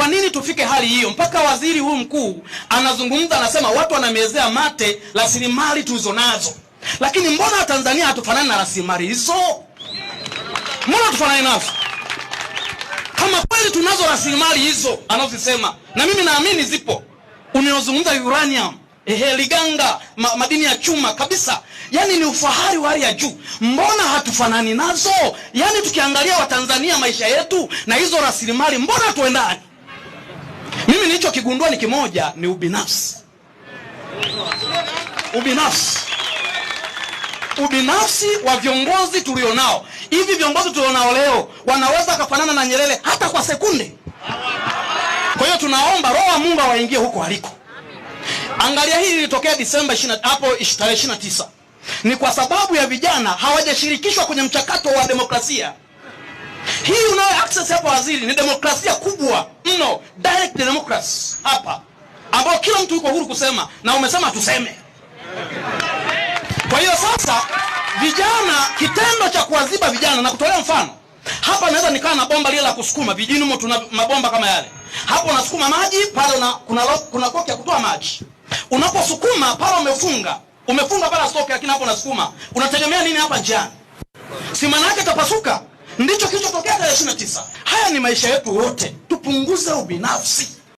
Kwa nini tufike hali hiyo mpaka waziri huyu mkuu anazungumza, anasema watu wanamezea mate rasilimali tulizo nazo Lakini mbona Watanzania hatufanani na rasilimali hizo? Mbona tufanani nazo? Kama kweli tunazo rasilimali hizo anazosema, na mimi naamini zipo, unaozungumza uranium Ehe, Liganga ma, madini ya chuma kabisa, yaani ni ufahari wa hali ya juu. Mbona hatufanani nazo? Yaani tukiangalia Watanzania maisha yetu na hizo rasilimali, mbona tuendani mimi nilichokigundua ni kimoja, ni ubinafsi. Ubinafsi, ubinafsi wa viongozi tulionao. Hivi viongozi tulionao leo wanaweza wakafanana na Nyerere hata kwa sekunde. Kwa hiyo tunaomba roho ya Mungu awaingie huko aliko. Angalia, hili lilitokea Disemba hapo tarehe 29 ni kwa sababu ya vijana hawajashirikishwa kwenye mchakato wa demokrasia hii. Unayo access hapo, waziri, ni demokrasia kubwa hapa ambao kila mtu yuko huru kusema na umesema tuseme. Kwa hiyo sasa, vijana, kitendo cha kuwaziba vijana na kutolea mfano hapa, naweza nikawa na bomba lile la kusukuma vijini humo tuna mabomba kama yale. Hapo unasukuma maji pale, una, kuna lo, kuna koki ya kutoa maji. Unaposukuma pale umefunga, umefunga pale stoke lakini hapo unasukuma, unategemea nini hapa njiani? Si maana yake tapasuka? Ndicho kilichotokea tarehe 29. Haya ni maisha yetu wote, tupunguze ubinafsi.